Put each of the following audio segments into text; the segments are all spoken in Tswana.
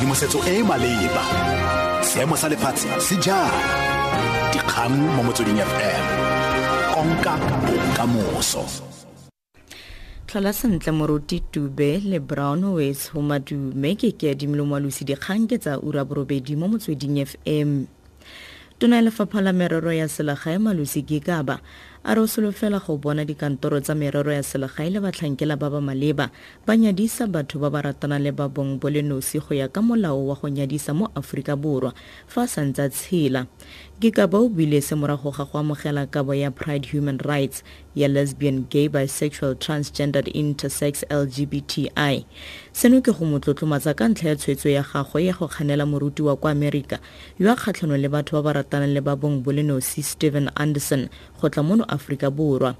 tshedimosetso e e maleba seemo sa lefatshe se jang dikgang mo motsweding fm konka bokamoso tlhola sentle moruti tube le brown wes go madume ke ke adimolomalosi dikgang ke tsa ura borobedi mo motsweding fm tona ya lefapha la merero ya selagae malosi gigaba a re o solofela go bona dikantoro tsa merero ya selegae le batlhankela ba ba maleba ba nyadisa batho ba ba ratana le ba bong bo le nosi go ya ka molao wa go nyadisa mo aforika borwa fa a santse tshela ke ka bao buile se morago ga go amogela kabo ya pride human rights ya lesbian gay bisexual transgendered intersex lgbti seno ke go motlotlomatsa ka ntlha ya tshwetso ya gagwe ya go kganela moruti wa kwa amerika yo a kgatlhanong le batho ba ba ratanang le ba bong bo le nosi stephen anderson go tla mono Aforika Borwa.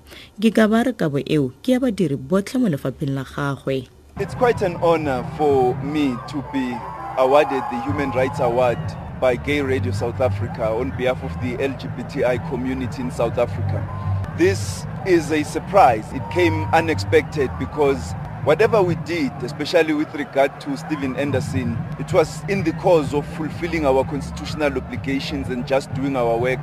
eo ke ya badiri botlhe mo lefapheng la gagwe. It's quite an honor for me to be awarded the Human Rights Award by Gay Radio South Africa on behalf of the LGBTI community in South Africa. This is a surprise. It came unexpected because whatever we did, especially with regard to Stephen Anderson, it was in the cause of fulfilling our constitutional obligations and just doing our work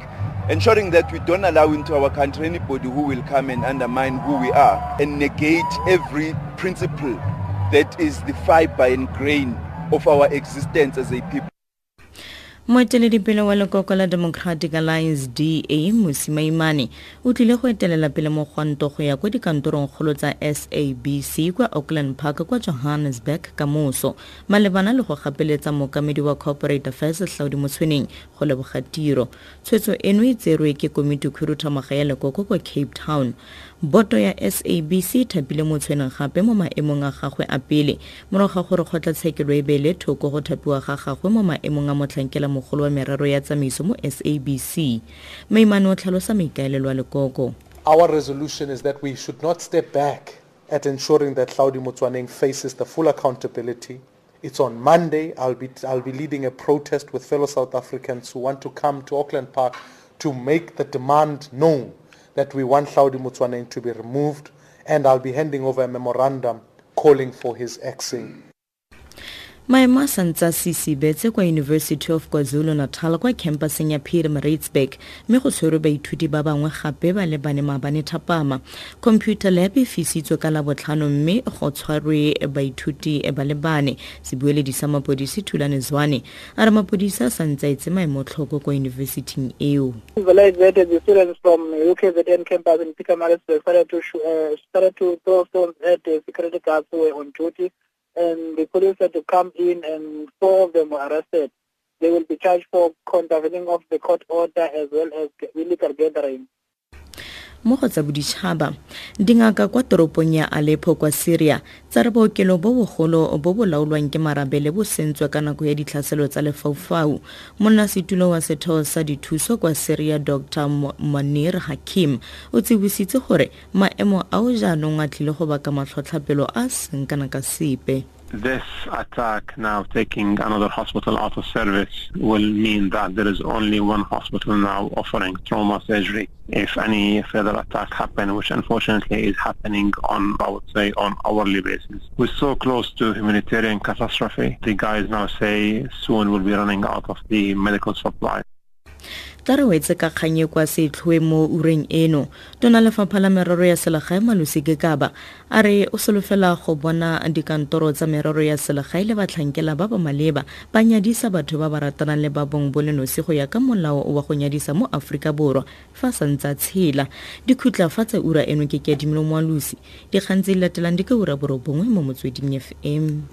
ensuring that we don't allow into our country anybody who will come and undermine who we are and negate every principle that is the fiber and grain of our existence as a people. moeteledipele wa lekoko la democratic alliance da mosimaimane o tlile go etelela pele mogwanto go ya kwa dikantorongkgolo tsa sabc kwa auckland park kwa johannesburg ka moso malebana le go gapeletsa mokamedi wa corporate affairs tlhaodi motshweneng go leboga tiro tshwetso eno e tserwe ke komiti khuruthamaga ya lekoko kwa cape town boto ya sabc e thapile motshweneng gape mo maemong a gagwe a pele morago ga gore kgotlatshekelo e beele thoko go thapiwa ga gagwe mo maemong a motlhankela mogolo wa merero ya tsamaiso mo sabc o tlhalosa maikaelelo a lekoko our resolution is that we should not step back at ensuring that Claudi Mutwaneng faces the full accountability. It's on Monday. I'll be, I'll be leading a protest with fellow South Africans who want to come to Auckland Park to make the demand known that we want Claudi Mutwaneng to be removed. And I'll be handing over a memorandum calling for his axing. maemo a santse a sisibetse kwa university of kwazulu natal kwa campuseng ya peter maritzburg mme go tshwerwe baithuti ba bangwe gape ba le bane maabane thapama computer lab e fisitswe ka labotlhano mme go tshwarwe baithuti ba le bane sebueledi sa mapodisi thulane zwane a re mapodisi a santse etse maemo tlhoko kwa yunibesiting eo uh, started to throw stones at the security guards who were on duty. and the police had to come in and four of them were arrested. They will be charged for contravening of the court order as well as illegal gathering. mo go tsa boditšhaba dingaka kwa toropong ya alepo kwa syria tsa re bookelo bo bogolo bo bo laolwang ke marabele bo sentswe ka nako ya ditlhaselo tsa lefaufau monnasetulo wa setheo sa dithuso kwa syria dr manir hakim o tsebositse gore maemo ao jaanong a tlile go baka matlhotlhapelo a seng kana ka sepe this attack now taking another hospital out of service will mean that there is only one hospital now offering trauma surgery. If any further attack happen, which unfortunately is happening on, I would say, on hourly basis. We're so close to humanitarian catastrophe. The guys now say soon we'll be running out of the medical supply. tla re wetse ka kganye kwa setlhoe mo ureng eno tona lefapha la merero ya selegae malosi ke kaba a re o solofela go bona dikantoro tsa merero ya selegae le batlhankela ba ba maleba ba nyadisa batho ba ba ratanang le ba bong bo lenosi go ya ka molao wa go nyadisa mo aforika borwa fa sa tshela dikhutla fa tsa ura eno ke kedimolo moalosi dikgang tse di latelang di ka ura borobongwe mo motsweding fm